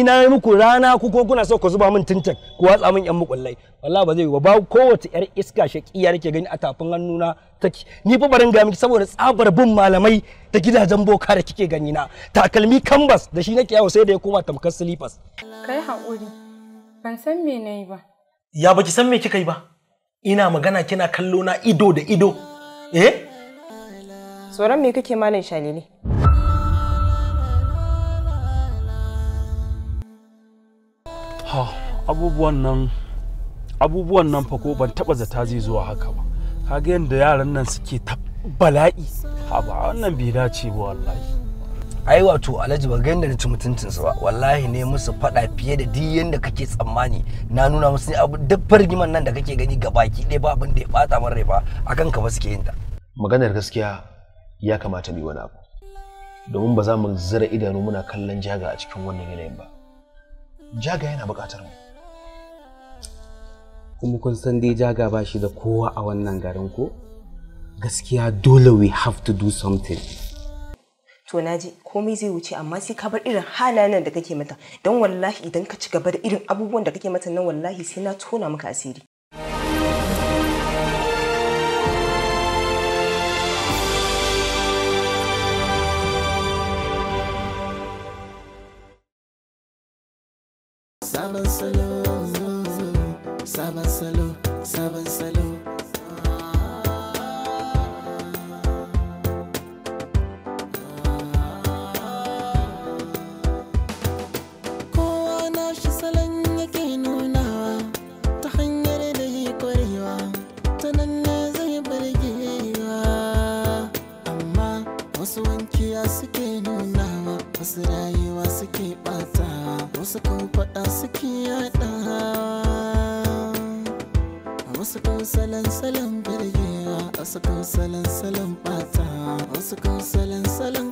ina yi muku rana ku ko kuna so ku zuba min tintin ku watsa min yan mukullai wallahi ba zai yi ba kowace yar iska shakiya nake gani a tafin hannuna take ni fa barin ga miki saboda tsabar bin malamai da gidajen boka da kike gani na takalmi canvas da shi nake yawo sai da ya koma tamkar slippers kai hakuri ban san me nayi ba ya baki san me kika yi ba ina magana kina kallo na ido da ido eh tsoron me kake malam shalili ha abubuwan nan abubuwan nan fa ko ban taba zata zai zuwa haka ba kaga yadda yaran nan suke ta bala'i ha ba wannan bai dace ba wallahi ai wato alhaji ba ga yadda nace mutuncin ba wallahi ne musu fada fiye da duk yadda kake tsammani na nuna musu abu duk fargiman nan da kake gani ga baki ɗaya ba abin da ya bata min rai ba akan ka ba suke yin ta maganar gaskiya ya kamata mu yi wani abu domin ba za mu zira idanu muna kallon jaga a cikin wannan yanayin ba jaga yana buƙatar mu kuma kun san dai jaga ba shi da kowa a wannan garin ko gaskiya dole we have to do something to naji komai zai wuce amma sai ka bar irin halayen da kake mata dan wallahi idan ka ci gaba da irin abubuwan da kake mata nan wallahi sai na tona maka asiri sabon salo sabon salo sabon salo kowa na shi salon yake nunawa ta hanyar da yi kwarewa ta nan ne zai bargewa amma wasu wankiya suke nunawa wasu rayuwa suke ɓata. wasu kan faɗa suke yaɗa wasu kan salon salon birgiya kan salon salon ɓata wasu kan salon salon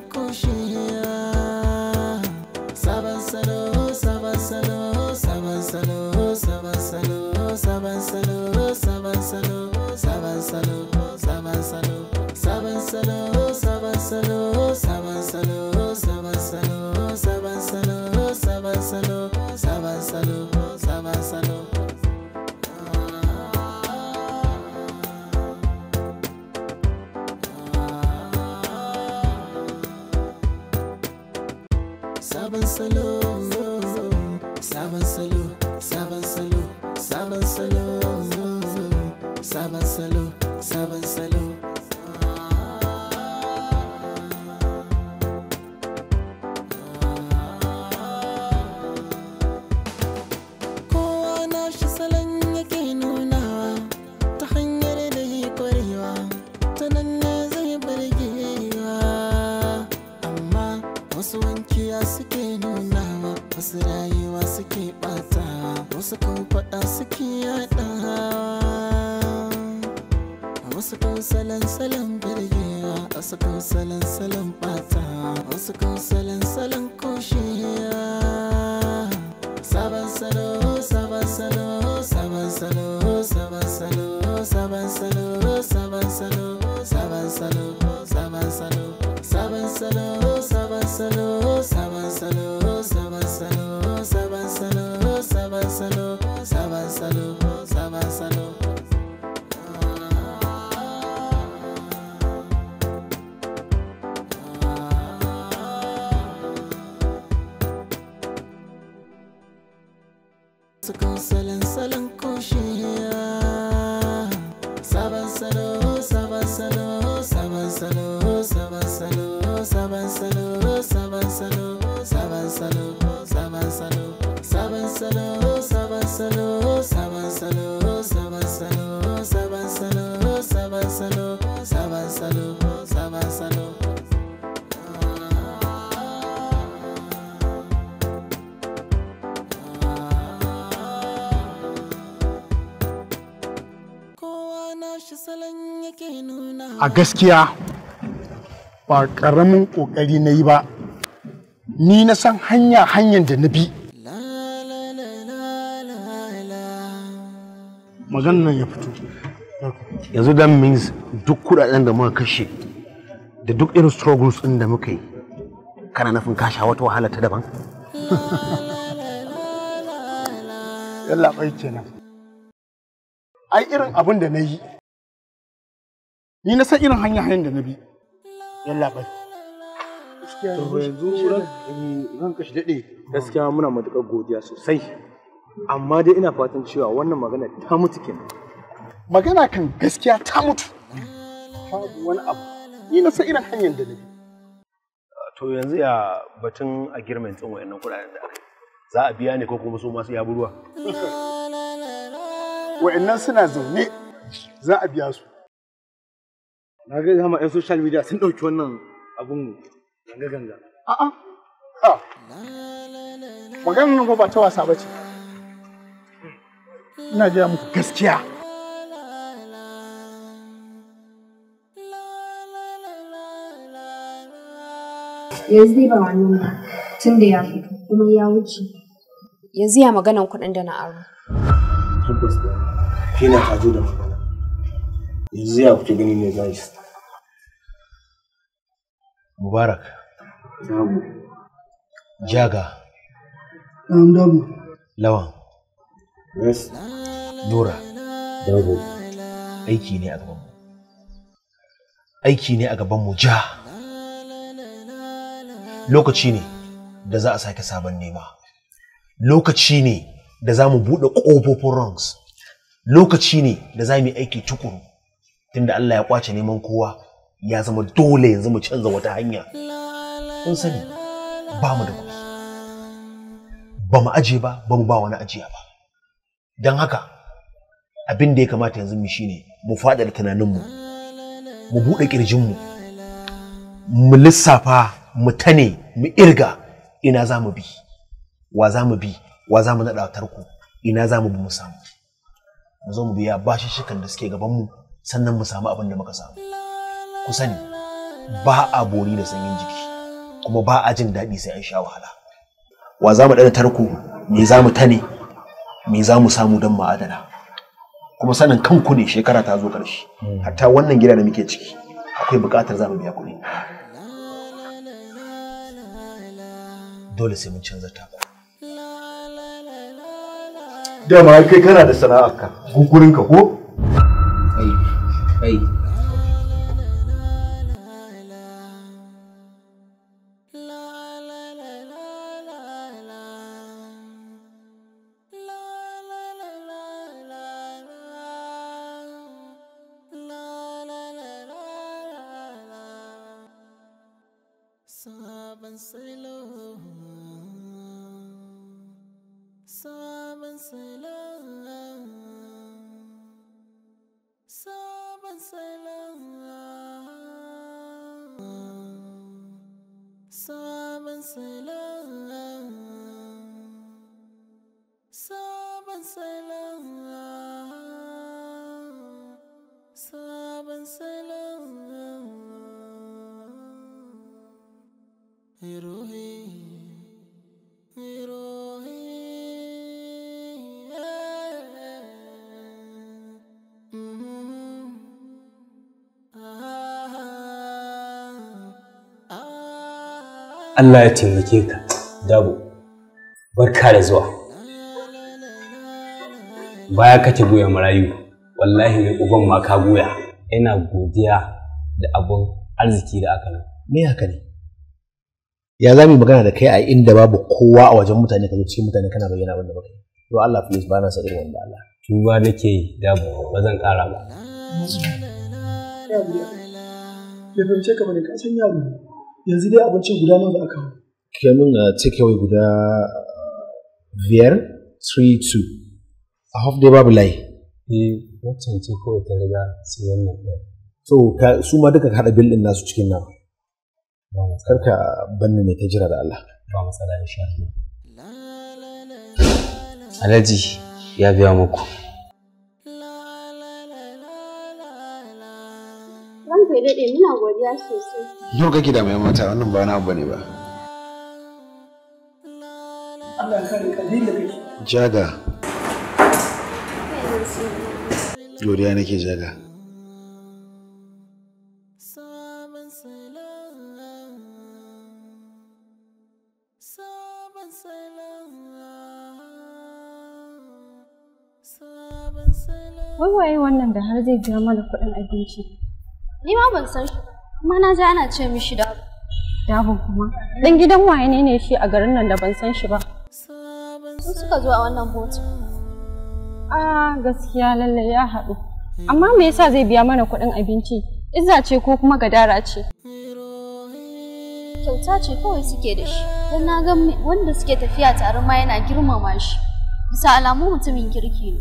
a gaskiya ba ƙaramin ƙoƙari na yi ba ni na san hanya hanyar da na bi nan ya fito yanzu dan means duk kudaden da muka kashe da duk irin struggles din da muka yi kana nufin kasha wata wahala ta daban yalla bai kenan ai irin abin da na yi ni na san irin hanya hanyar da na bi yalla bai yanzu ran kashi daɗe gaskiya muna matuƙar godiya sosai amma dai ina fatan cewa wannan magana ta mutu kenan magana kan gaskiya ta mutu babu wani abu ni na san irin hanyar da na bi to yanzu ya batun a girman tsin wayannan kuɗaɗen da za a biya ne ko kuma su masu yaburuwa wayannan suna zaune za a biya su Na ga zama 'yan social media sun ɗauki wannan abun ganga-ganga. A'a. Ah. Maganar nan ba ta wasa ba ce. Ina ji muku gaskiya. Yanzu dai ba wani ba, tun da ya fito kuma ya wuce. Yanzu ya maganan kuɗin da na aro. Tabbas ba, kina ta zo da mu. yanzu ya kuke gani ne guys mubarak Dabu. jaga Na'am Dabu. lawan yes Dora. Dabu. aiki ne a gaban mu aiki ne a gaban mu ja lokaci ne da za a sake sabon nema lokaci ne da za mu buɗe ƙofofin rungs lokaci ne da za mu yi aiki tukuru tunda Allah ya kwace neman kowa ya zama dole yanzu mu canza wata hanya kun sani ba mu da kuɗi ba mu aje ba ba mu ba wani ajiya ba don haka abin da ya kamata yanzu mu shine mu da tunaninmu mu buɗe ƙirjinmu mu lissafa mu tane mu irga ina za mu bi wa za mu bi wa za mu naɗa tarko ina za mu bi mu samu mu zo mu biya bashin shikan da suke gabanmu sannan mu samu abin da muka samu ku sani ba a bori da sanyin jiki kuma ba a jin daɗi sai an sha wahala wa za mu ɗana tarko me za mu tane me za mu samu don ma'adana kuma sanin kanku ne shekara ta zo ƙarshe hmm. hatta wannan gida da muke ciki akwai buƙatar za mu biya kuɗi dole sai mun canza taku dama kai kana da sana'a ka gugurinka ko faith Allah ya taimake ka dabo barka da zuwa baya kake goya marayu wallahi ne uban ma ka goya ina godiya da abun arziki da aka nan me haka ne ya za mu magana da kai a inda babu kowa a wajen mutane ka zo cikin mutane kana bayyana wanda baka to Allah please bana na sa irin wanda Allah tuba nake yi dabo ba zan kara ba ya ya fahimce ka bane ka san yaro yanzu dai abincin guda nan da aka hau kamin a uh, take away guda uh, biyar 3-2 a half day babu layi eh wancan ce kawai ta riga sai wannan ɗaya so su ma duka haɗa bil ɗin nasu cikin nan ba matsala karka banne ne ta jira da Allah ba matsala insha Allah Alhaji ya biya muku daɗe muna godiya sosai. Yau kake da mai mata wannan ba na abu ne ba. ya Jaga. Godiya Wai wannan da har zai jama da kuɗin abinci? Ni ma ban san shi Amma na ji ana ce mishi da Dabo kuma. Dan gidan waye ne ne shi a garin nan da ban san shi ba. Sun suka zo a wannan hoto. Ah gaskiya lalle ya haɗu. Amma me yasa zai biya mana kuɗin abinci? Izza ce ko kuma gadara ce? Kyauta ce kawai suke da shi. Dan na ga wanda suke tafiya tare ma yana girmama shi. Bisa alamu mutumin kirki ne.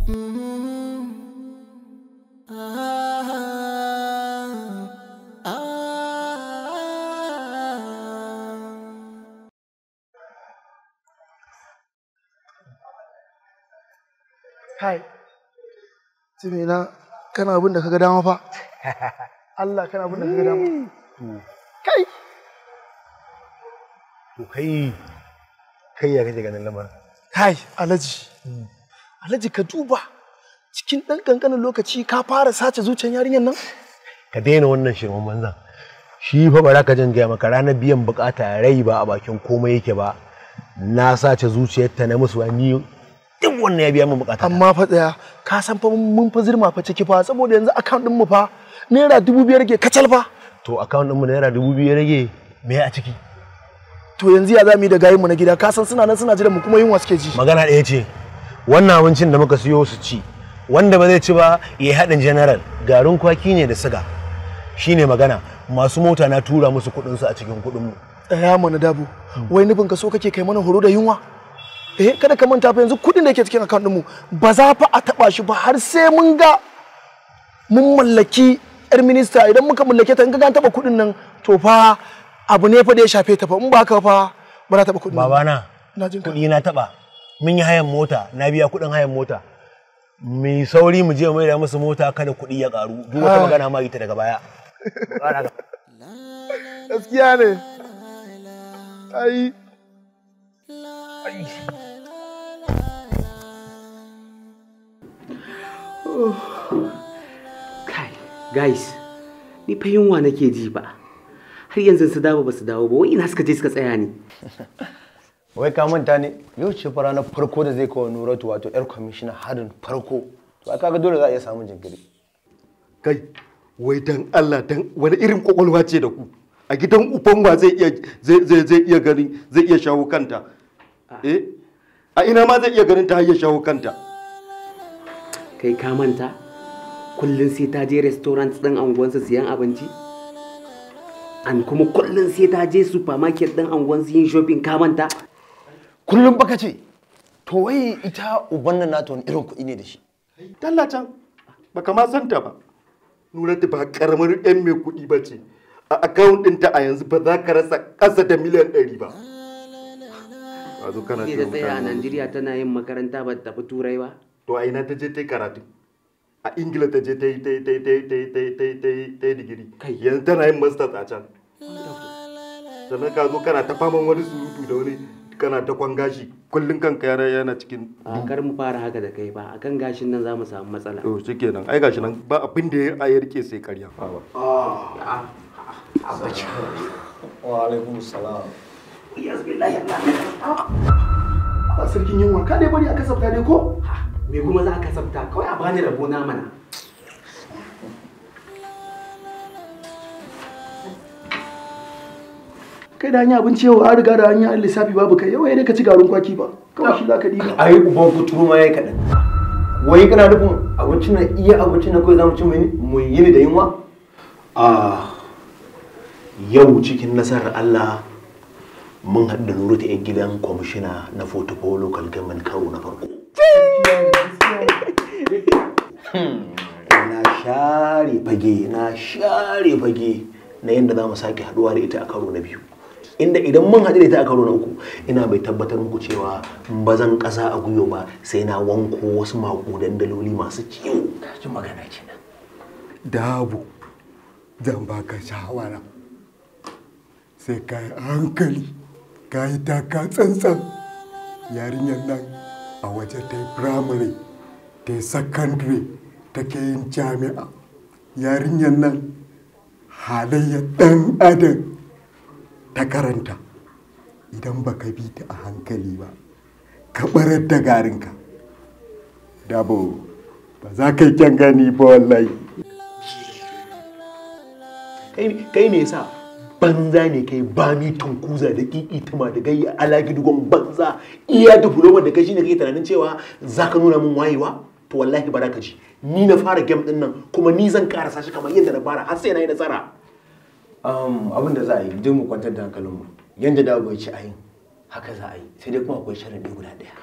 kai na kana abin da kaga dama fa Allah kana abin da kaga dama hmm. kai to kai kai ya kaje ganin lamarin kai alaji hmm. alaji ka duba cikin dan kankanin lokaci ka fara sace zuciyar yarinyar nan ka daina wannan shirman banzan shi fa ba za ka jan gaya maka ranar biyan bukata rai ba a bakin komai yake ba na sace zuciyarta na musu ni duk wannan ya biya mu bukata amma fa tsaya ka san fa mun fa zirma fa ciki fa saboda yanzu account din mu fa naira dubu biyar rage kacal fa to account din mu naira dubu biyar rage me a ciki to yanzu ya zamu yi da gayin mu na gida ka san suna nan suna jiran mu kuma yunwa suke ji magana ɗaya ce wannan abincin da muka siyo su ci wanda ba zai ci ba ya haɗin general garin kwaki ne da siga shine magana masu mota na tura musu kuɗinsu a cikin kuɗin mu tsaya mana dabo wai nufin ka so kake kai mana horo da yunwa eh kada ka manta fa yanzu kuɗin da yake cikin account mu ba za fa a taba shi ba har sai mun ga mun mallaki yar minista idan muka mallake ta in ga an taɓa kuɗin nan to fa abu ne fa da ya shafe ta fa in ba ka fa ba za taɓa kuɗin babana kuɗi na taɓa mun yi hayan mota na biya kuɗin hayan mota mai sauri mu je mai da musu mota kada kuɗi ya karu duk wata ah. magana ma ita daga baya gaskiya ne ai ai oh. kai guys ni fa yunwa nake ji ba har yanzu su dawo ba su dawo ba wai ina suka je suka tsaya ni wai ka manta ne yau ce fara na farko da zai kawo nuratu wato ƴar kwamishina harin farko to aka ga dole za a iya samun jinkiri kai wai dan Allah dan wani irin kwakwalwa ce da ku a gidan uban wa zai iya zai iya gani zai iya shawo kanta eh a ina ma zai iya ganin ta har ya shawo kanta kai ka manta kullum sai ta je restaurant ɗin anguwansa siyan abinci an kuma kullum sai ta je supermarket din anguwansa yin shopping ka manta kullum baka ce to wai ita uban nan nata wani irin kuɗi ne da shi tallacin baka ma santa ba ta ba karamar yan mai kuɗi ba ce a akawun ɗinta a yanzu ba za ka rasa ƙasa da miliyan ɗari ba a zo kana ce mutane a Najeriya tana yin makaranta ba ta tafi turai ba to a ina ta je ta karatu a Ingila ta je ta yi ta yi ta yi ta yi ta yi ta yi ta yi ta yi digiri yanzu tana yin masters a can sannan ka zo kana ta faman wani surutu da wani kana ta kwan gashi kullum kan kayara yana cikin a kar mu fara haka da kai ba a kan gashin nan za mu samu matsala to shikenan ai gashi nan ba abin da ya yarke sai karya fa ba a a wa alaikum salam ba sarkin yunwa ka dai bari a kasafta dai ko me kuma za a kasafta kawai a bani rabo na mana kai da hanyar abinci yau an riga da hanyar lissafi babu kai yau dai ka ci garin kwaki ba kawai shi za ka diba ai uban kuturu ma yi kaɗan. wai kana nufin abinci na iya abinci na kawai mu ci mu yi da yunwa Ah, yau cikin nasarar Allah mun haɗu da nuru ta 'yan gidan kwamishina na fotofo local government karo na farko na share fage na share fage na yadda za mu sake haɗuwa da ita a karo na biyu inda idan mun haɗu da ita a karo na uku ina bai tabbatar muku cewa bazan zan ƙasa a gwiwa ba sai na wanko wasu maƙudan daloli masu ciwo ji magana kenan dabu zan baka shawara sai ka hankali ka yi taka tsantsan yarinyar nan a waje ta yi firamare ta secondary ta ke yin jami'a yarinyar nan halayya ɗan adam ta karanta idan ba ka bi ta a hankali ba ka barar da garinka dabo ba za ka yi kyan gani ba wallahi kai ne sa banza ne kai ba mi tunkuza da kiki tuma da gayya alaki dugon banza iya fulowar da kashi ne kai tunanin cewa zaka nuna min wayewa to wallahi ba ka ji ni na fara game din nan kuma ni zan karasa shi kamar yadda na fara har sai na yi nasara abin da za a yi duk mu kwantar da hankalinmu yadda da ba ci yi, haka za a yi sai dai kuma akwai sharadi guda daya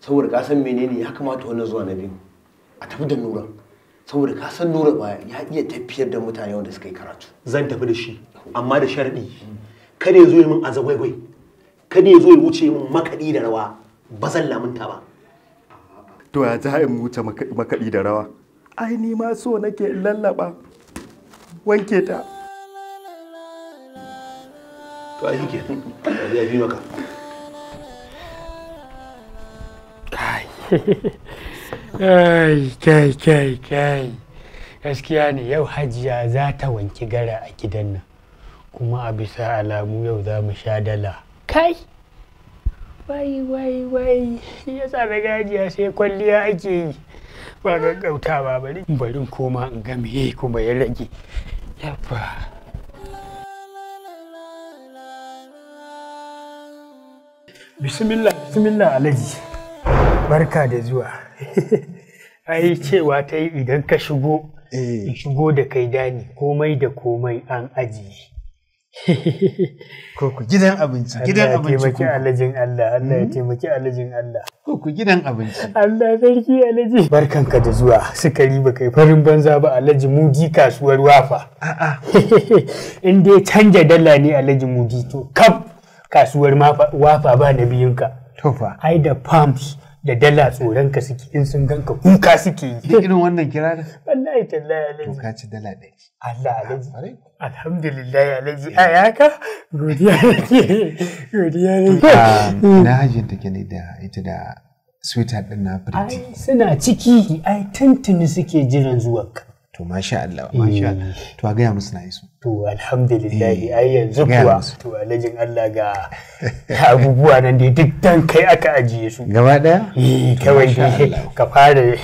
saboda ka san menene ya kamata wannan zuwa na biyu a tafi da nura saboda ka san nura baya ya iya tafiyar da mutane wanda suka yi karatu zan tafi da shi amma da sharaɗi kada ya zo yi min azagwaigwai kada ya zo ya wuce min makaɗi da rawa ba zan lamunta ba to ya yi in wuce makaɗi da rawa ai ni ma so nake lallaba wanke ta to ai ke ya fi maka kai kai kai kai gaskiya ne yau hajiya za ta wanki gara a gidan nan kuma a bisa alamu yau za mu sha dala kai wai wai wai ya tsara gajiya sai kwalliya ake yi ba ba bari barin koma in ga meye kuma ya rage yabba bismillah bismillah alaji barka da zuwa ai cewa ta yi idan ka shigo eh. in shigo da kai dani komai da komai an ajiye ko ku gidan abinci gidan abinci taimaki alajin Allah Allah ya hmm? taimaki alajin Allah ko ku gidan abinci Allah sarki alaji barkanka da zuwa sukari ba kai farin banza ba alaji mudi kasuwar wafa a'a in dai canja dala ne alaji mudi to kaf kasuwar wafa ba na biyunka to fa ai da pumps da dala tsoron ka suke in sun ka kuka suke yi. Irin wannan kira kirarin? Wallahi tallahi alaji. To ka ci dala ɗaya. Allah alaji. Ah, Alhamdulillah alaji. Eh. A yaka? Godiya nake. Godiya ke. Ah, hmm. Na hajjin take ne da ita da sweetheart ɗin na Ai suna ciki ai tuntuni suke jiran zuwanka. to masha Allah masha Allah mm. to a gaya musu na yi su to alhamdulillah eh, ai yanzu kuwa to alajin Allah ga abubuwa nan da duk dan kai aka ajiye su gaba daya eh, kawai da ka fara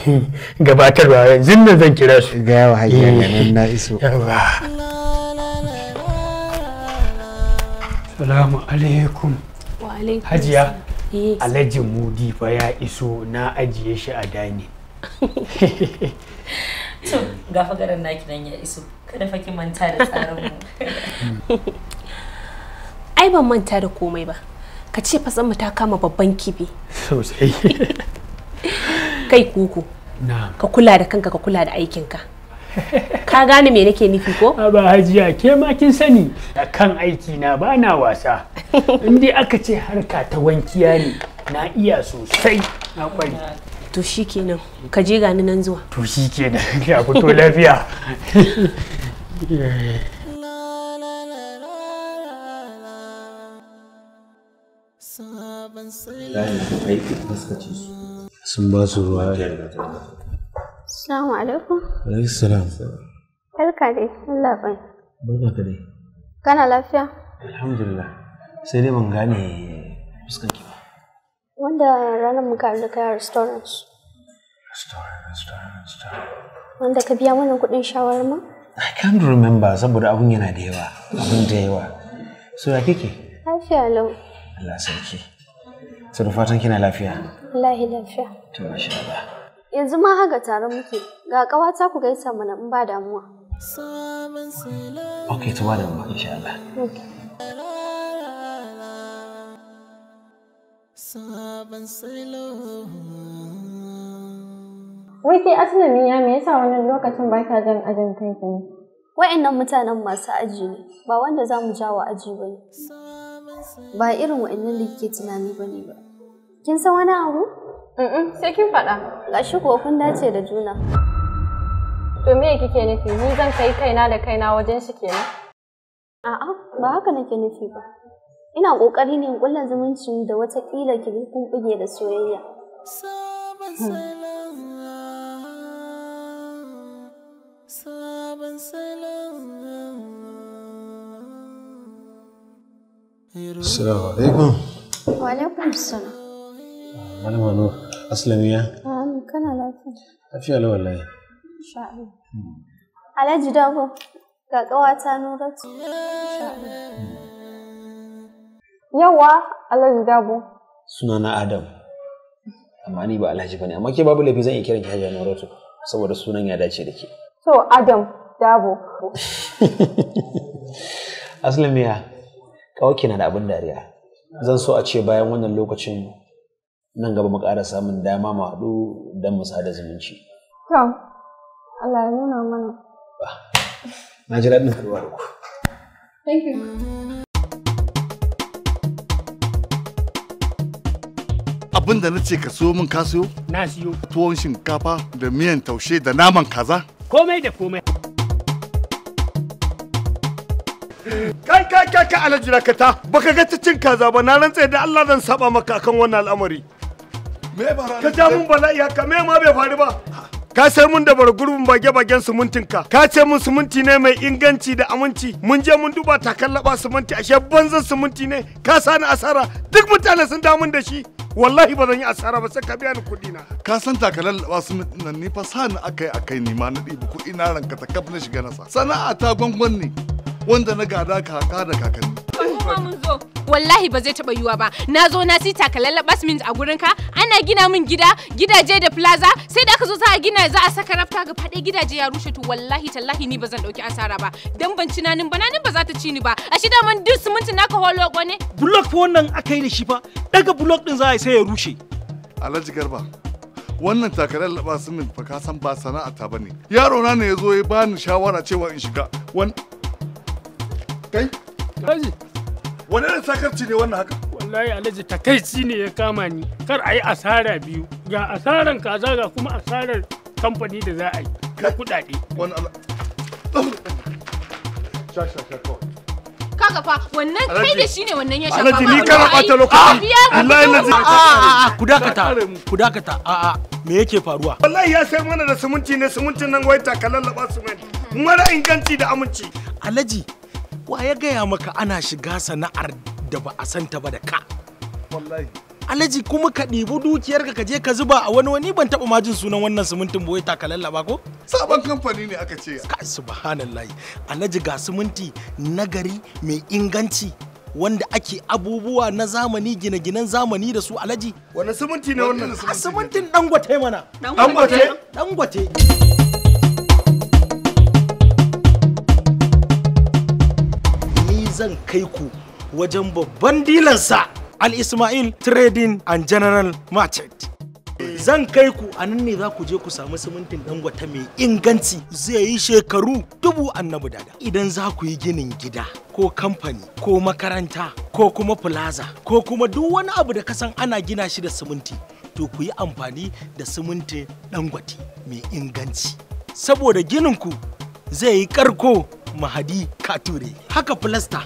gabatarwa yanzu ne zan kira su ga yawa hayyan nan na iso eh, Salamu alaikum. Wa alaikum. Hajiya. Alhaji Mudi fa ya iso na ajiye shi a dani. to ga da tsarinmu ai ban manta da komai ba ka ce fatsan mu ta kama babban kibi sosai kai kuku ka kula da kanka ka kula da aikinka ka gane me nake nufi ko ba hajiya ke ma kin sani da kan aiki na ba na wasa in dai aka ce harka ta wankiya ne na iya sosai na kwari to kenan ka je gani nan zuwa to kenan ya fito lafiya sun ba su ruwa Assalamu alaikum. salam. Barka dai, Allah Barka ka dai. Kana lafiya? Alhamdulillah. Sai dai ban gane fuskanki Wanda ranar muka da kai a restaurant. Restaurant, restaurant, restaurant. Wanda ka biya mana kuɗin ma? I can't remember saboda abun yana da yawa, abun da yawa. So ya kike? Lafiya lau. Allah sarki. So da fatan kina lafiya? Wallahi lafiya. To shi ba. Yanzu ma haka tare muke. Ga ƙawata ku gaisa mana in ba damuwa. Okay, to ba damuwa insha Allah. Okay. sabon salo wai ke ya me yasa wani lokacin ba ka jan ajin kanki ne wa'annan mutanen masu aji ne ba wanda za mu jawo aji ba ne ba irin wa'annan da kike tunani ba ne ba kin san wani abu sai kin faɗa gashi kuwa kun dace da juna to me kike nufi ni zan kai kaina da kaina wajen shi kenan a'a ba haka nake nufi ba ina ƙoƙari ne in ƙulla zumuncin da watakila ki kun buge da soyayya. Hmm. Assalamu alaikum. Wa alaikum salam. Malama Nur, kana lafiya. Lafiya lawan Insha Allah. Hmm. Alhaji Dago, ga ƙawata Nuratu. Insha Allah. Hmm. Yawa, Alhaji Dabo. Sunana Adam. Amma ni ba Alhaji bane, amma ke babu laifi zan iya kiran ki Hajiya Noratu saboda sunan ya dace da ke. So Adam Dabo. Aslamiya, kawai na da abin dariya. Zan so a ce bayan wannan lokacin nan gaba mu ƙara samun dama mu haɗu don mu sada zumunci. To, Allah ya nuna mana. Na ji daɗin haɗuwa da ku. Thank you. abin da na ce ka siyo min ka siyo na siyo tuwon shinkafa da miyan taushe da naman kaza komai da komai kai kai kai ka alhaji kata baka ga ta cin kaza ba na rantse da Allah zan saba maka akan wannan al'amari me ba ka ja mun bala'i haka me ma bai faru ba ka sai mun da gurbin bage-bagen sumuntinka ka ce mun sumunti ne mai inganci da aminci mun je mun duba takallaba sumunti ashe banzan sumunti ne ka sani asara duk mutane sun damun da shi wallahi ba zan yi asara ba sai ka biya ni kuɗi na ka san takalar ba su nan ni fa sa ni akai akai ni ma na ɗibi kuɗi na ranka ta na shiga nasa sana'a ta gwangwan ne wanda na gada kaka da kakanni. Wallahi ba zai taɓa yiwa ba. Na zo na si takalala bas mint a gurin ka. Ana gina min gida, gidaje da plaza. Sai da aka zo za a gina za a saka rafta ga faɗe gidaje ya rushe to wallahi tallahi ni ba zan ɗauki asara ba. Dan ban ci nanin ba nanin ba za ta ci ni ba. A shi daman duk siminti naka holo ne. Bulok fa wannan aka yi da shi fa. Daga bulok din za a yi sai ya rushe. Alhaji Garba, wannan takalala laɓa simin fa ka san ba sana'a ta bane. Yaro na ne ya zo ya bani shawara cewa in shiga. Kai? Alhaji. Wani irin sakarci ne wannan haka? Wallahi Alhaji takaici ne ya kama ni. Kar a yi asara biyu. Ga asaran kaza ga kuma asarar kamfani da za a yi. Ka kuɗaɗe. Wani Allah. Sha sha sha Kaga fa wannan kai yake faruwa? Wallahi ya sai mana da sumunci ne nan wai Mara inganci da aminci. Alhaji Wa ya gaya maka ana shiga sana'ar da ba a santa ba da ka? Wallahi. Alhaji kuma ka ɗibi dukiyarka ka je ka zuba a wani wani ban taɓa majin sunan wannan simintin boye takalalla ba ko? Sabon kamfani ne aka ce. ka subhanallahi. Alhaji ga siminti nagari mai inganci wanda ake abubuwa na zamani gine-ginen zamani da su alaji. Wane siminti ne wannan siminti? Simintin dangote mana. Dangote? Dangote. zan kai ku wajen babban dilansa al-ismail trading and general market zan kai ku a nan ne za ku je ku samu simintin dangwata mai inganci zai yi shekaru dubu annabi dada idan za ku yi ginin gida ko kamfani ko makaranta ko kuma plaza ko kuma duk wani abu da kasan ana gina shi da siminti to ku yi amfani da simintin dangwati mai inganci saboda ginin ku zai yi karko mahadi kature haka filasta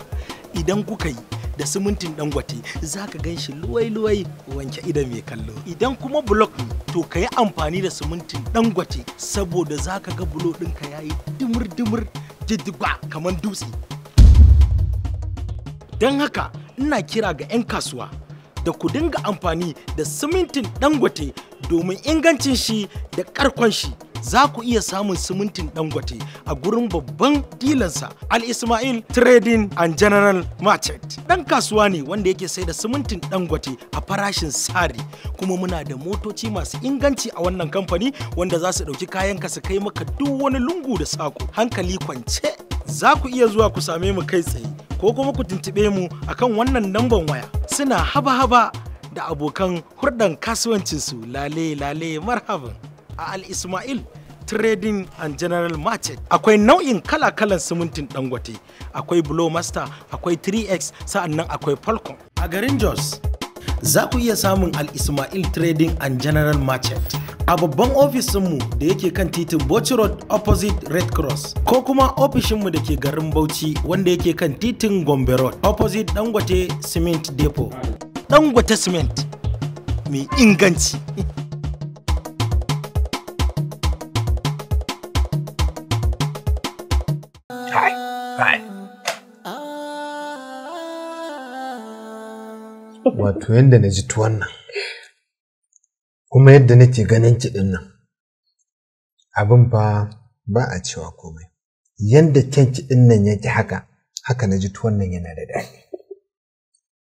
idan kuka yi da simintin dangote za ka gan shi luwai-luwai wanke idan mai kallo idan kuma blok ne to ka yi amfani da simintin dangote saboda zaka ga bulo ɗinka ya yi dimir-dimir jiddigba kamar dutse don haka ina kira ga 'yan kasuwa da ku dinga amfani da simintin dangote domin ingancin shi da karkon shi za ku iya samun simintin dangote a gurin babban dilansa al-ismail trading and general market dan kasuwa ne wanda yake sai da simintin dangote a farashin sari kuma muna da motoci masu inganci a wannan kamfani wanda za su ɗauki kayan ka su kai maka duk wani lungu da sako hankali kwance za ku iya zuwa ku same mu kai tsaye ko kuma ku tuntube mu akan wannan namban waya suna haba-haba da abokan hurdan kasuwancinsu lale lale marhaban a al ismail trading and general market akwai nau'in kala-kalan simintin dangote akwai master akwai 3x sa'annan akwai falcon a garin jos za ku iya samun al-ismail trading and general market a babban ofishinmu da yake kan titin Bauchi Road opposite Red Cross ko kuma ofishinmu da ke garin Bauchi wanda yake kan titin Gombe Road opposite Dangote Cement Depot. Dangote Cement mai inganci. wato yadda na ji tuwon nan kuma yadda nake ganin kiɗin nan abin fa ba a cewa komai yadda kyan kiɗin nan yake haka haka na ji tuwon nan yana da daɗi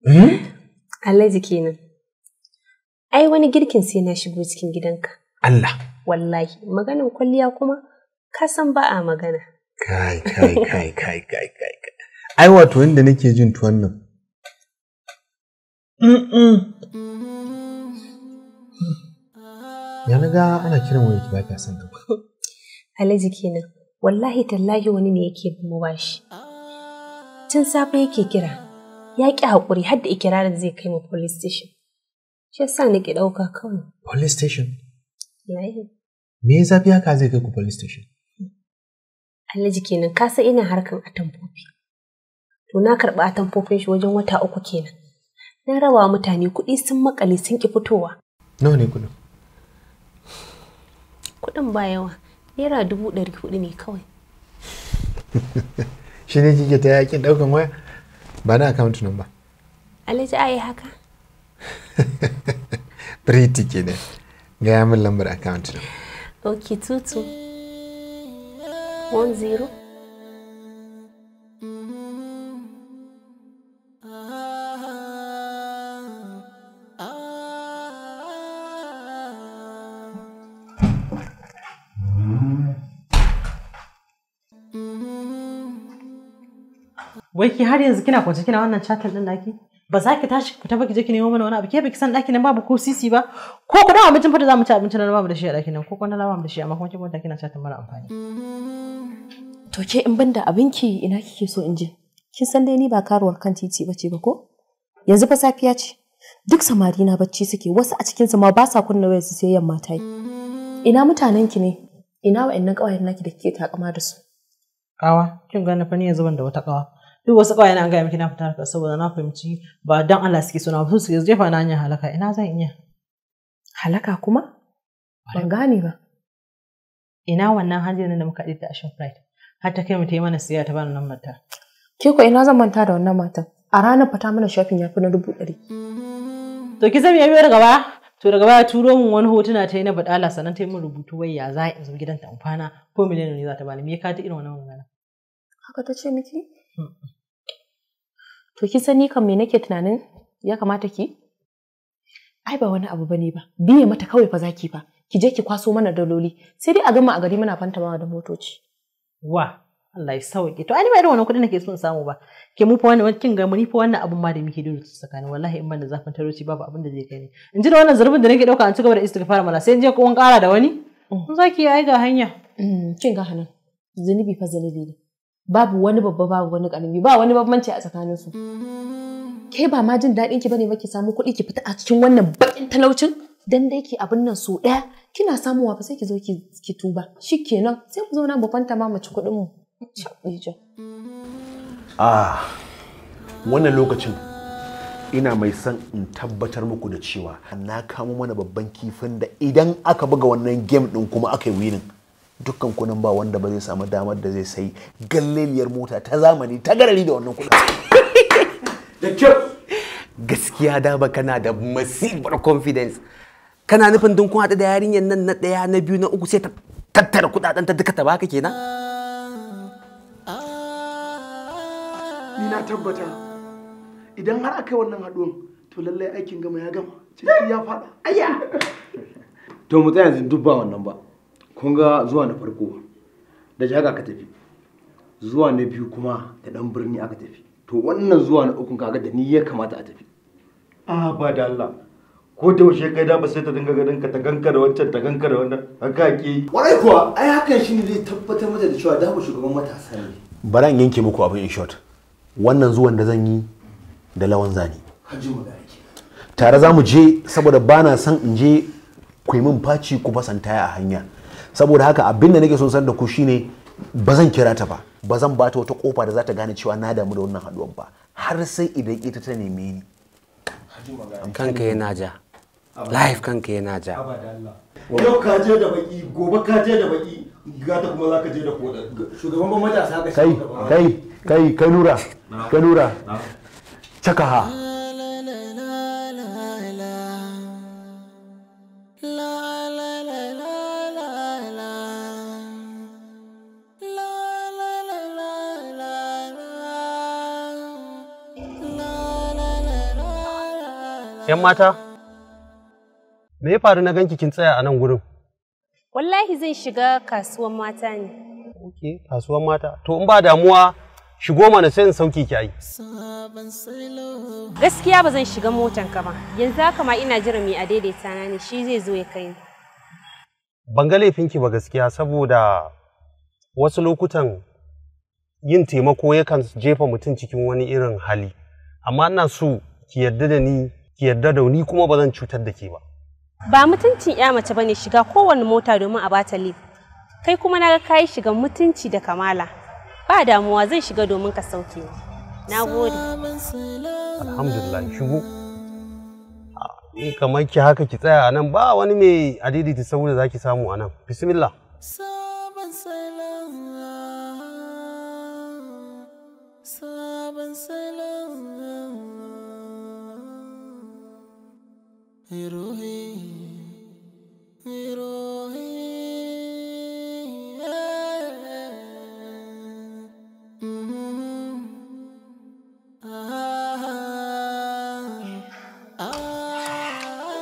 hmm? jiki nan ai wani girkin sai na shigo cikin gidanka Allah wallahi maganin kwalliya kuma ka san ba a magana kai kai kai kai kai kai ai wato yadda nake jin tuwon nan Mm-mm. Ya ga ana kiran wani ki ba ka san ba. Alhaji kenan. Wallahi tallahi wani ne yake bin bashi. Tun safe yake kira. Ya ki haƙuri har da ikirarin zai kai mu police station. Shi yasa ni ki ɗauka kawai. Police station? Yayi. Me ya zafi haka zai kai ku police station? Alhaji kenan ka san ina harkan atamfofi. To na karɓi atamfofin shi wajen wata uku kenan. na rawa mutane kuɗi sun makale sun ki fitowa nawa ne kuɗin kuɗin ba yawa naira dubu ɗari hudu ne kawai shi ne kike ta yakin ɗaukan waya ba na account number alhaji a yi haka pretty ne gaya min lambar account ne. ok tutu one zero wai ki har yanzu kina kwance kina wannan chatin din naki ba za ki tashi ki fita ba ki je ki nemo mana wani abu ke ba ki san ɗakin nan babu ko sisi ba ko ku dawo mutum fa da za mu ci abincin nan babu da shi a ɗakin nan ko kwana lawa da shi amma kuma ki manta kina chatin mara amfani to ke in banda abinki ina kike so in je kin san dai ni ba karuwar kan titi bace ba ko yanzu fa safiya ce duk samari na bacci suke wasu a su ma ba sa kunna wayar su sai yamma ta yi ina mutanen ki ne ina wa'annan ƙawayen naki da kike takama da su kawa kin gane fa ni yanzu ban da wata kawa duk wasu kawai na gaya miki na fita haka saboda na fahimci ba dan Allah suke so na su suke jefa na hanyar halaka ina zan iya halaka kuma ban gane ba ina wannan hanyar da muka ɗita a shin fried har ta kai mu ta yi mana siya ta bani nan mata ke ko ina zan manta da wannan matan a ranar fata mana shafin ya fi na dubu ɗari to ki zan yayi daga baya to daga baya turo min wani hotuna ta yi na badala sannan ta yi min rubutu wai ya za in zo gidanta in ko miliyan ne za ta bani me ka ta irin wannan magana haka ta ce miki to ki sani kan me nake tunanin ya kamata ki ai ba wani abu bane ba biye mata kawai fa zaki fa ki je ki kwaso mana daloli sai dai a gama a gari muna mawa da motoci wa Allah ya sauke to ai ba irin wannan kuɗin nake son samu ba ke mu fa wannan kin ga muni ni fa wannan abun ma da muke dole su tsakani wallahi in ban da zafin taroci babu abin da zai kai ni in ji da wannan zarbin da nake dauka an ci gaba da istighfar mala sai in je kun ƙara da wani Zaki mm. zaki ai ga hanya mm, kin ga hanan zunubi fa zunubi ne babu wani babba babu wani ƙarami ba wani bambanci a su ke ba ma jin daɗin ki bane ba ki samu kuɗi ki fita a cikin wannan baƙin talaucin dan dai ki abin nan so ɗaya kina samuwa ba sai ki zo ki ki shi kenan sai ku zauna mu kwanta ma mu ci kuɗin mu ah wannan lokacin ina mai son in tabbatar muku da cewa na kamo mana babban kifin da idan aka buga wannan game ɗin kuma aka yi winning dukkan kuɗin ba wanda ba zai samu damar da zai sayi galleliyar mota ta zamani ta garari da wannan kuɗin da kyau gaskiya da ba kana da masibar confidence kana nufin dun kun haɗu da yarinyar nan na ɗaya na biyu na uku sai ta tattara kuɗaɗen ta duka ta baka kenan ni na tabbata idan har aka yi wannan haɗuwan to lallai aikin gama ya gama ciki ya faɗa aya to mu tsaya yanzu duk ba wannan ba kun ga zuwa na farko da jaga ka tafi zuwa na biyu kuma da dan birni aka tafi to wannan zuwa na ukun kaga da ni ya kamata a tafi a ba da Allah ko da wace kai da ba sai ta dinga gadan ka ta ganka da wancan ta ganka da wannan haka ke wai kuwa ai hakan shine zai tabbatar mata da cewa da mu shugaban matasa ne baran yanke muku abin in short wannan zuwan da zan yi da lawan zani haji mu tare za mu je saboda ba na son in je ku yi min faci ku fasanta a hanya saboda haka abin da nake son san da ku shine ba zan kira ta ba ba zan ba ta wata kofa da za ta gane cewa na damu da wannan haduwar ba har sai idan ita ta neme ni kanka yana ja life kanka yana ja yau ka je da baki gobe ka je da baki gata kuma za ka je da koda shugaban ban matasa ka kai kai kai nura kai nura cakaha ‘Yan mata, me ya faru na ganki kin tsaya a nan gurin? Wallahi zan shiga kasuwan mata ne. Ok, kasuwan mata. To, in ba damuwa shigo mana sai in sauki ki ai. Gaskiya ba zan shiga motan ka ba. Yanzu haka ma ina jira mai daidaita na ne shi zai zo ya kai. Ban ga ki ba gaskiya saboda wasu lokutan yin taimako yakan jefa mutum cikin wani irin hali. Amma ina so ki yarda da ni ki yarda da ni kuma ba zan cutar da ke ba ba mutuncin ya mace bane shiga kowane mota domin a bata lif kai kuma na ga kayi shiga mutunci da kamala ba damuwa zan shiga domin ka sauke ni na gode alhamdulillah shigo kamar ki haka ki tsaya anan. ba wani mai adidi ta saboda zaki samu anan. nan bismillah روحي روحي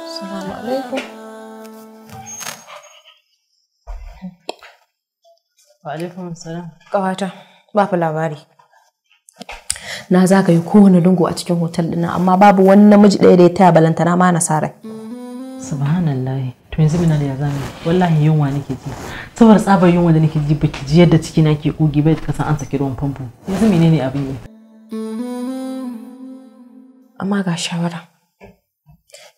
السلام عليكم آه. وعليكم السلام kawata ba fa na zagaye kowane lungu a cikin hotel dinnan amma babu wani namiji ɗaya da ya taya balantana ma na sarai subhanallahi to yanzu mina da ya zame wallahi yunwa nake ji saboda tsabar yunwa da nake ji baki ji yadda ciki na ke kogi bai san an saki ruwan famfo yanzu menene abin yi amma ga shawara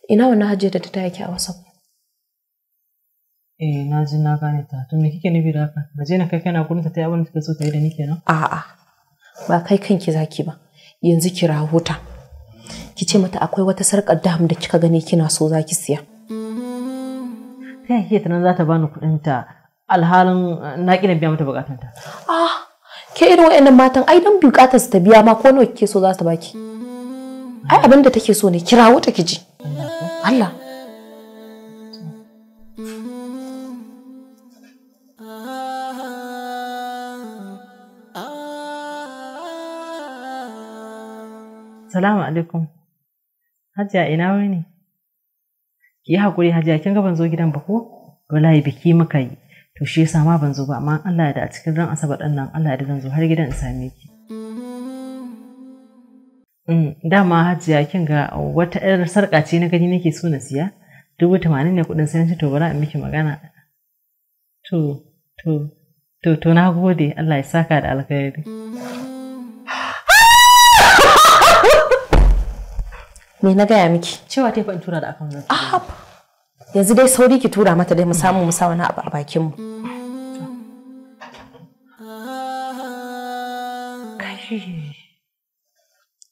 ina wannan hajjiyar da ta taya ki a wasa? Eh, na ji na gane ta. To me kike nufi da haka? Na je na kai kana gurin ta tayi abin da kike so ta yi da ni kenan? A'a. ba kai kanki zaki ba yanzu kira huta ki ce mata akwai wata sarƙar dam da kika gani kina so zaki siya ta yake ta nan za ta bani ta alhalin eh, na kina biya mata buƙatunta ah ke irin wayannan matan ai dan bukatar ta biya ma ko nawa kike so za ta baki ai abinda take so ne kira wuta kiji Allah Salamu alaikum. Hajiya ina ne? Ki yi haƙuri Hajiya kin ga ban zo gidan ba ko? Wallahi biki muka yi. To shi yasa ma ban zo ba amma Allah ya da a cikin ran asabar ɗan nan Allah ya da zan zo har gidan in same ki. Mm, dama Hajiya kin ga wata 'yar sarƙa ce na gani nake so na siya. Dubu tamanin ne kuɗin sayan to bari in miki magana. To, to, to, to na gode Allah ya saka da alkhairi. me na gaya miki cewa ta in tura da akan zan yanzu dai sauri ki tura mata dai mu samu mu sa wani abu a bakin mu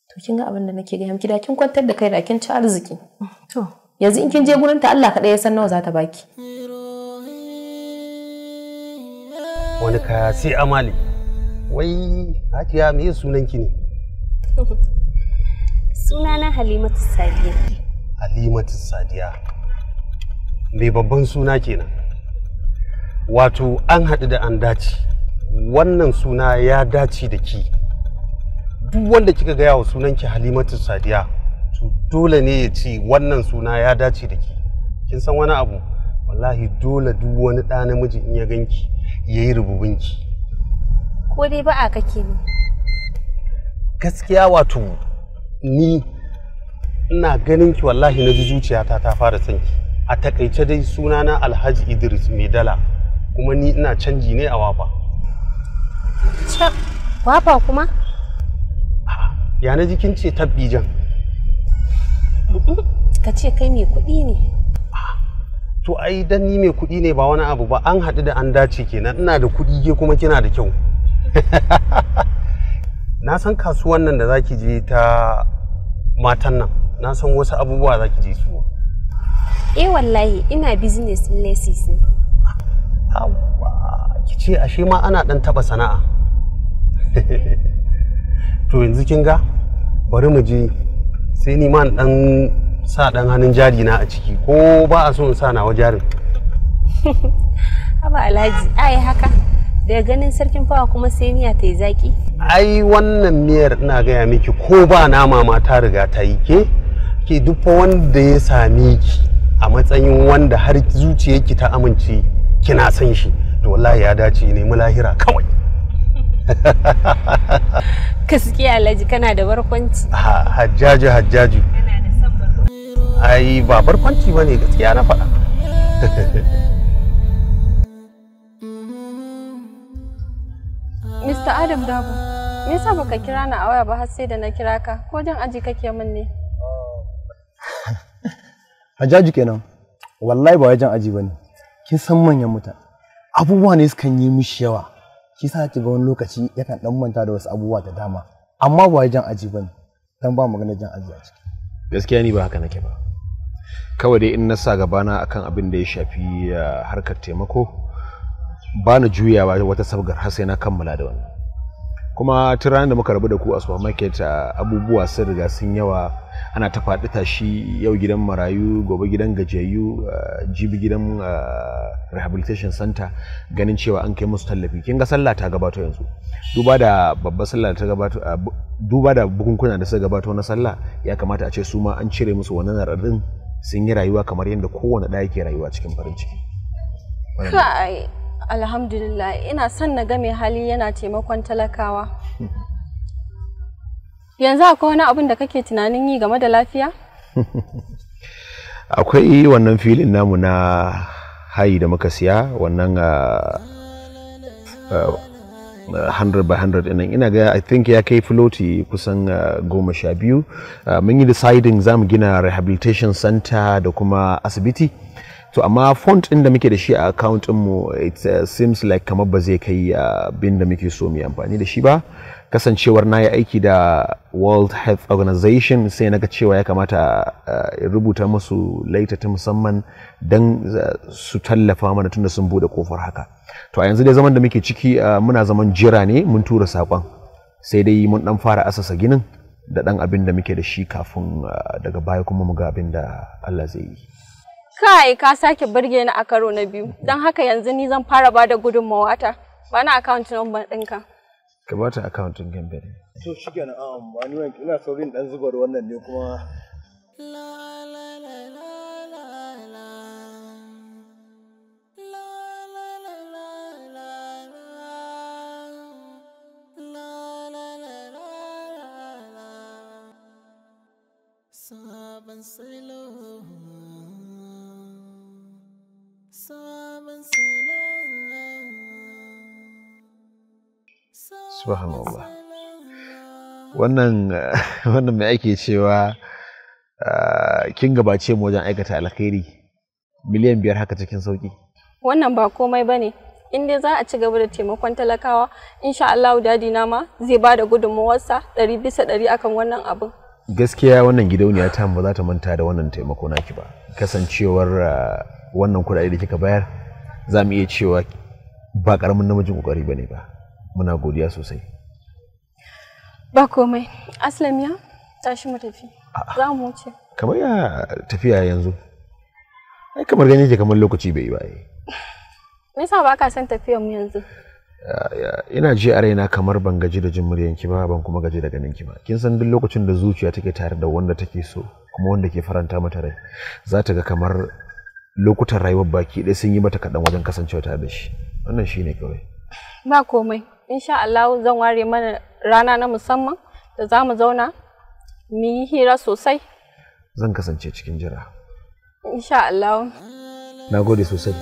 to kin ga abin da nake gaya miki da kin kwantar da kai da kin ci arziki to yanzu in kin je gurin ta Allah kaɗai ya san nawa za ta baki wani kaya sai amali wai hakiya me sunan ki ne Sunana Halimatu Sadiya. Halimatu Sadiya. Mai babban suna kenan. Wato an haɗu da an dace. Wannan suna ya dace da ki. Duk wanda kika gaya wa sunanki Halimatu Sadiya, to dole ne ya ce wannan suna ya dace da ki. Kin san wani abu? Wallahi dole duk wani ɗa namiji in ya ganki ya yi rububinki. Ko dai ba a kake ne. Gaskiya wato ni ina ganin ki wallahi na ji zuciyata ta fara sanki, ki a takaice dai sunana alhaji idris mai dala kuma ni ina canji ne a wafa wafa kuma ya na jikin ce tabbijan ka ce kai mai kuɗi ne to ai dan ni mai kuɗi ne ba wani abu ba an haɗu da an dace kenan ina da kuɗi ke kuma kina da kyau na san kasuwan nan da zaki je ta matan nan na san wasu abubuwa za ki je su E, wallahi ina business lessons ne ki ce ashe ma ana dan taba sana'a to yanzu kin ga bari mu je sai ni ma dan sa dan hannun jari na a ciki ko ba a so in sa nawa jarin haba alhaji ai haka daga ganin sarkin fawa kuma sai miya ta yi zaki ai wannan miyar ina gaya miki ko ba nama ma ta riga ta yi ke ke duk wanda ya same ki a matsayin wanda har zuciyarki ta amince kina san shi to wallahi ya dace ne mu lahira kawai gaskiya alhaji kana da barkwanci hajjaji hajjaji ai ba barkwanci bane gaskiya na faɗa Mr. Adam Dabo, me yasa baka kira ni a waya ba har sai da na kira ka? Ko jan aji kake min ne? Hajaju kenan. Wallahi ba wajen aji bane. Kin san manyan mutane. Abubuwa ne sukan yi mishi yawa. Ki sa ki ga wani lokaci yakan dan manta da wasu abubuwa da dama. Amma ba wajen aji bane. Dan ba magana jan aji a ciki. Gaskiya ni ba haka nake ba. Kawai dai in na sa gabana akan abin da ya shafi eh, harkar taimako ba na juyawa wata sabgar har sai na kammala da wannan kuma tun ranar da muka rabu da ku a supermarket abubuwa sun riga sun yawa ana ta faɗi shi yau gidan marayu gobe gidan gajiyayyu jibi gidan rehabilitation center ganin cewa an kai musu tallafi kin ga sallah ta gabato yanzu duba da babbar sallah ta gabato duba da bukunkuna da suka gabato na sallah ya kamata a ce su ma an cire musu wannan raɗaɗin sun yi rayuwa kamar yadda kowane ɗaya ke rayuwa cikin farin ciki Alhamdulillah ina son na ga mai hali yana taimakon talakawa. Yanzu akwai wani abin da kake tunanin yi game da lafiya? Akwai wannan filin namu na hayi da muka siya wannan 100 ah, ah, ah, by 100 ina ga I think ya kai filoti kusan goma sha biyu mun yi deciding za mu gina rehabilitation center da kuma asibiti. To amma font ɗin da muke da shi a account mu it uh, seems like kamar ba zai kai uh, abin da muke so mu amfani da shi ba kasancewar na yi aiki da world health organization sai na ga cewa ya kamata uh, in rubuta musu laita ta musamman don uh, su tallafa mana tunda sun bude kofar haka to a yanzu dai zaman da muke ciki muna zaman jira ne mun tura saƙon sai dai mun dan fara asasa ginin da ɗan abin da muke da shi kafin daga baya kuma mu ga abin da allah zai yi Kai ka sake burge ni a karo na biyu. Don haka yanzu ni zan fara ba da gudunmawa ta. Ba na account number ɗinka. Ka ba ta account ɗin gambe. To shi kenan um, ni wani ina saurin dan zubar wannan ne kuma. Sabon salo. subhanallah wannan wannan mai ake cewa ah, kin gabace mu wajen aikata alkhairi miliyan biyar haka cikin sauki wannan ba komai bane in dai za a ci gaba da taimakon talakawa insha Allah dadi na ma zai bada da gudunmawarsa ɗari bisa ɗari akan wannan abin gaskiya wannan gidauniya ta ba za ta manta da wannan taimako naki ba kasancewar ah, wannan kudade da kika bayar za mu iya cewa ba ƙaramin namijin kokari ba ne ba muna godiya sosai ba komai aslam ya tashi mu tafi za mu wuce kamar ya tafiya yanzu ai kamar gani ke kamar lokaci bai yi ba me yasa ba ka san tafiyar mu yanzu ina ji a raina kamar ban gaji da jin muryanki ba ban kuma gaji da ganin ki ba kin san duk lokacin da zuciya take tare da wanda take so kuma wanda ke faranta mata rai za ta ga kamar lokutan rayuwar baki ɗaya sun yi mata kaɗan wajen kasancewa tare da shi wannan shine kawai ba komai insha Allah zan ware mana rana na musamman da za mu zauna mu yi hira sosai zan kasance cikin jira insha Allah na gode sosai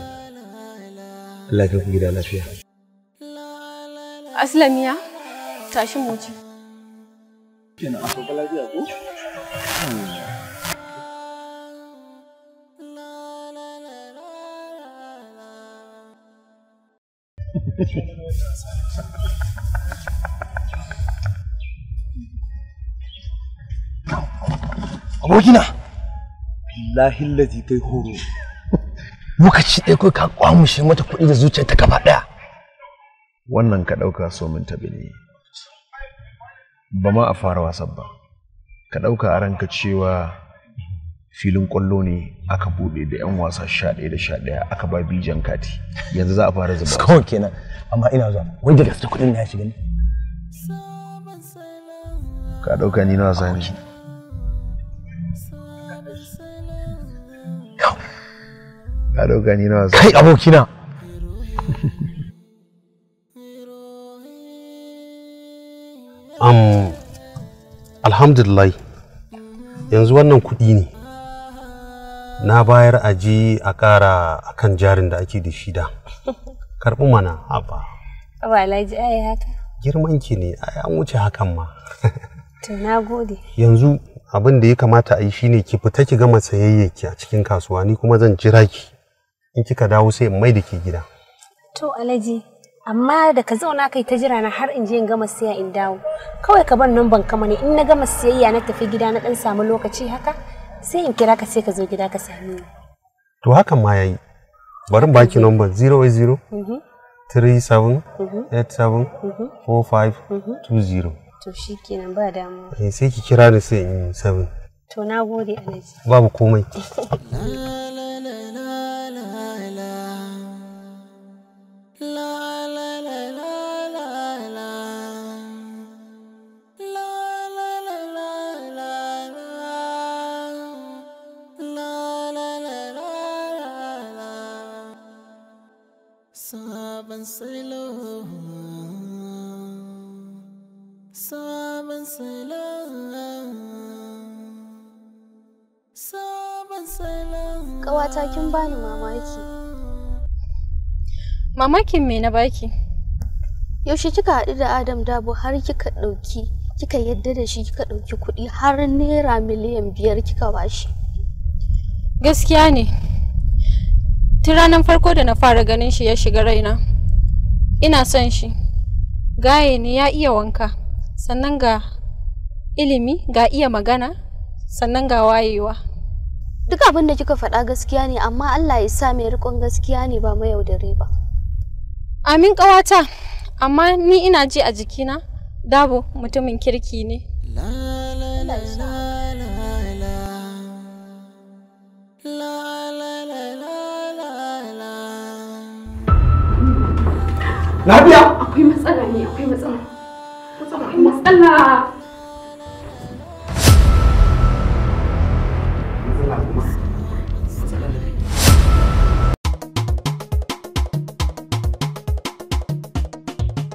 Allah ya ku lafiya aslamiya tashi mu ci kina lafiya ko abokina billahi lazi kai horo muka ci ɗaya kai ka kwamushe mata kuɗi da zuciyar ta gaba ɗaya wannan ka ɗauka so min tabi ne ba ma a fara wasan ba ka ɗauka a ranka cewa filin kwallo ne aka bude da yan wasa sha ɗaya da sha ɗaya aka ba bijan kati yanzu za a fara zuba skon kenan amma ina zuwa wai daga gaske kuɗin ne ya shiga ne ka ɗauka ni na wasa ne ka ɗauka ni na wasa kai abokina um, alhamdulillah yanzu wannan kuɗi ne na bayar a ji a kara a kan jarin da ake da shi da karɓi mana haɓa ba alhaji ai haka girman ki ne ai an wuce hakan ma na gode yanzu abin da ya kamata a yi shine ki fita ki gama sayayya ki a cikin kasuwa ni kuma zan jira ki in kika dawo sai in mai da ke gida to alaji, amma da ka zauna kai ta jira na har in je in gama siya in dawo kawai ka bar nan ban kama ne in na gama siyayya na tafi gida na dan samu lokaci haka sai in kira ka sai ka zo gida ka same ni to hakan ma yayi bari baki mhm. number 080 37 87 45 to shikenan ba damuwa eh, sai ki kira ni sai in sabin to na gode alaji babu komai la la la la la sabon kin bani mamaki mamakin me na baki yaushe kika haɗu da adam dabo har kika ɗauki kika yadda da shi kika ɗauki kuɗi har naira miliyan biyar kika bashi gaskiya ne tun ranar farko da na fara ganin shi ya shiga raina ina son shi gaye ne ya iya wanka sannan ga ilimi ga iya magana sannan ga wayewa duk abin da kika faɗa gaskiya ne amma Allah ya sa mai rikon gaskiya ne ba mai yaudare ba amin ƙawata amma ni ina ji a jikina dabo mutumin kirki ne Lafiya? Akwai matsala ne, akwai matsala. Akwai matsala.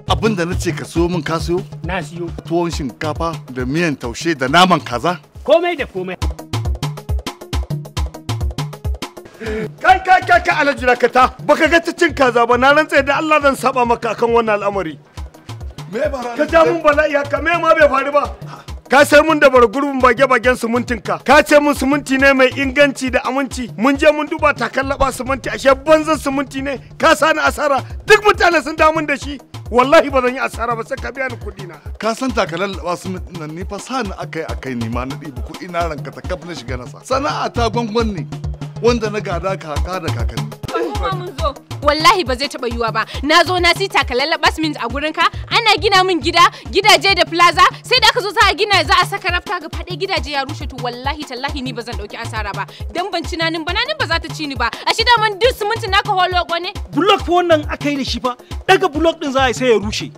Abin da na ce ka siyo min ka siyo? Na siyo. Tuwon shinkafa da miyan taushe da naman kaza? Komai da komai. Kai kai kai ka alaji rakata baka ga cin kaza ba na rantsa da Allah zan saba maka akan wannan al'amari. Me ba Ka ja mun bala'i haka me ma bai faru ba. ka sai mun da gurbin bage-bagen sumuntinka ka ce mun sumunti ne mai inganci da aminci mun je mun duba takallaba sumunti ashe banzan sumunti ne ka sani asara duk mutane sun damun da shi wallahi ba zan yi asara ba sai ka biya ni kuɗi na ka san takalallaba sumunti nan ni fa sani akai akai ni ma na ɗibi kuɗi na ranka ta kafin shiga nasa sana'a ta gwangwan ne wanda na gada kaka da kakanni. Wallahi ba zai taɓa yiwa ba, na zo na si bas basmin a ka ana gina min gida, gidaje da plaza, sai da aka zo za a gina za a saka rafta ga faɗe gidaje ya rushe to wallahi tallahi ni ba zan ɗauki asara ba, dan ban ci nanin ba nanin ba za ta ci ni ba, a shi daman duk siminti naka holo ne. Bulok fa wannan aka yi da shi fa, daga bulok din za a yi sai ya rushe.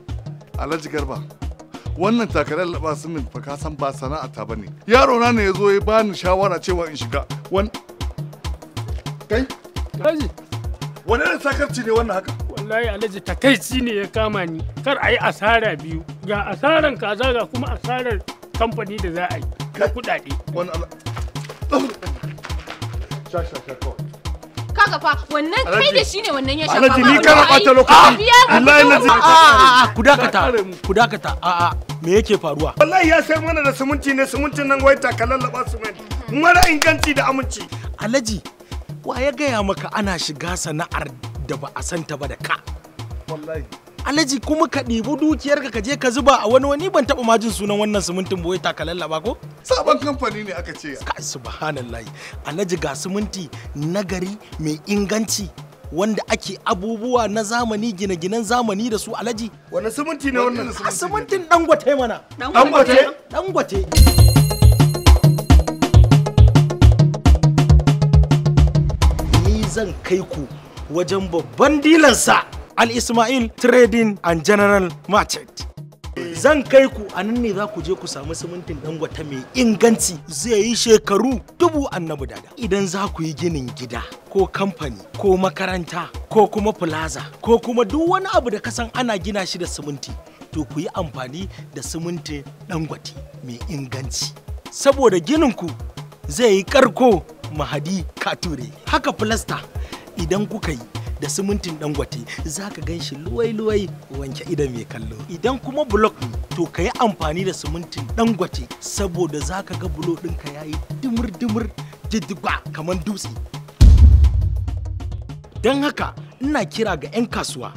Alhaji Garba, wannan takarar laba fa ka san ba sana'a ta bane. Yaro na ne ya zo ya bani shawara cewa in shiga. Kai? Alhaji. Wani irin sakarci ne wannan haka? Wallahi Alhaji takaici ne ya kama ni. Kar a yi asara biyu. Ga asaran kaza ga kuma asarar kamfani da za a yi. Na kuɗaɗe. Wani ala. Sha sha sha kawai. Kaga fa wannan kai da shi ne wannan ya shafa. Alhaji ni kana ɓata lokaci. Wallahi Alhaji. Ku dakata. Ku dakata. A'a. Me yake faruwa? Wallahi ya sai mana da sumunci ne simintin nan wai takalallaba su mai. Mara inganci da aminci. Alhaji Wa ya gaya maka ana shiga sana'ar da ba a santa ba da ka? Wallahi. Alhaji kuma ka ɗibi dukiyar ka je ka zuba a wani wani ban taɓa majin sunan wannan simintin boye takalalla ba ko? Sabon kamfani ne aka ce. Subhanallahi. Alhaji ga siminti nagari mai inganci. wanda ake abubuwa na zamani gine-ginen zamani da su alaji. Wani siminti ne wannan siminti? Simintin dangote mana. Dangote? Dangote. zan kai ku wajen babban dilan sa. al-ismail trading and general market zan kai ku a nan ne za ku je ku samu simintin dangwata mai inganci zai yi shekaru dubu annabu dada idan za ku yi ginin gida ko kamfani ko makaranta ko kuma plaza ko kuma duk wani abu da kasan ana gina shi da siminti to ku yi amfani da simintin dangwati mai inganci saboda ginin ku zai yi karko mahadi kature haka filasta idan kuka yi da simintin dangote za ka gan shi luwai-luwai wanke idan mai kallo idan kuma blok ne to ka yi amfani da simintin dangote saboda za ka ga bulo ɗinka ya yi dimir-dimir jiddigba kamar dutse don haka ina kira ga 'yan kasuwa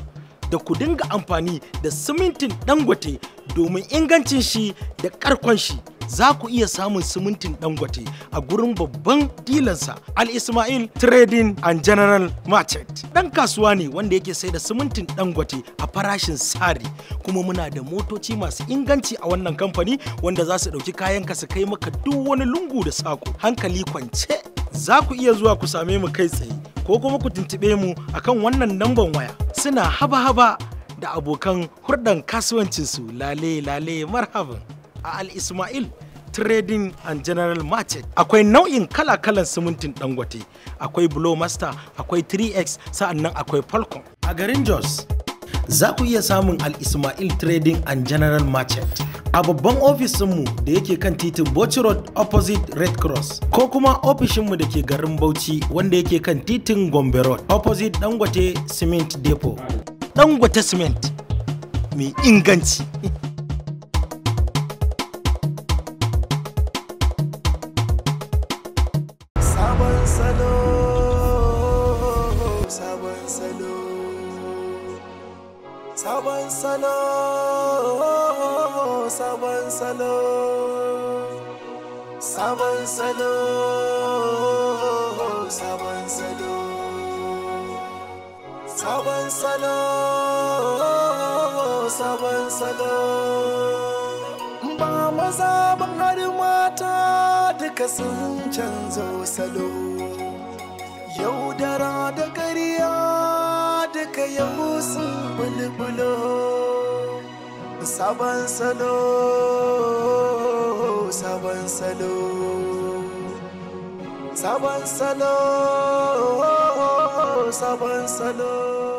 da ku dinga amfani da simintin dangote domin ingancin shi da karkon shi za ku iya samun simintin dangote a gurin babban dilansa al-ismail trading and general market dan kasuwa ne wanda yake sai da simintin dangote a farashin sari kuma muna da motoci masu inganci a wannan kamfani wanda za su ɗauki kayanka su kai maka duk wani lungu da sako hankali kwance za ku iya zuwa ku same mu kai tsaye ko kuma ku tuntuɓe mu akan wannan lambar waya suna haba-haba da abokan hurdan kasuwancinsu lale lale marhaban a al ismail trading and general market akwai nau'in kala-kalan simintin dangote akwai master akwai 3x sa'annan akwai falcon a garin jos za ku iya samun al ismail trading and general market a babban ofisinmu da yake kan titin Bauchi Road opposite Red Cross ko kuma ofishinmu da ke garin Bauchi wanda yake kan titin Gombe Road opposite Dangote Cement Depot. dangote cement mai inganci sabon salo sabon salo ba maza ban har mata duka sun canza salo yaudara da ƙarya duka yau sun bulbulo sabon salo sabon salo sabon salo sabon salo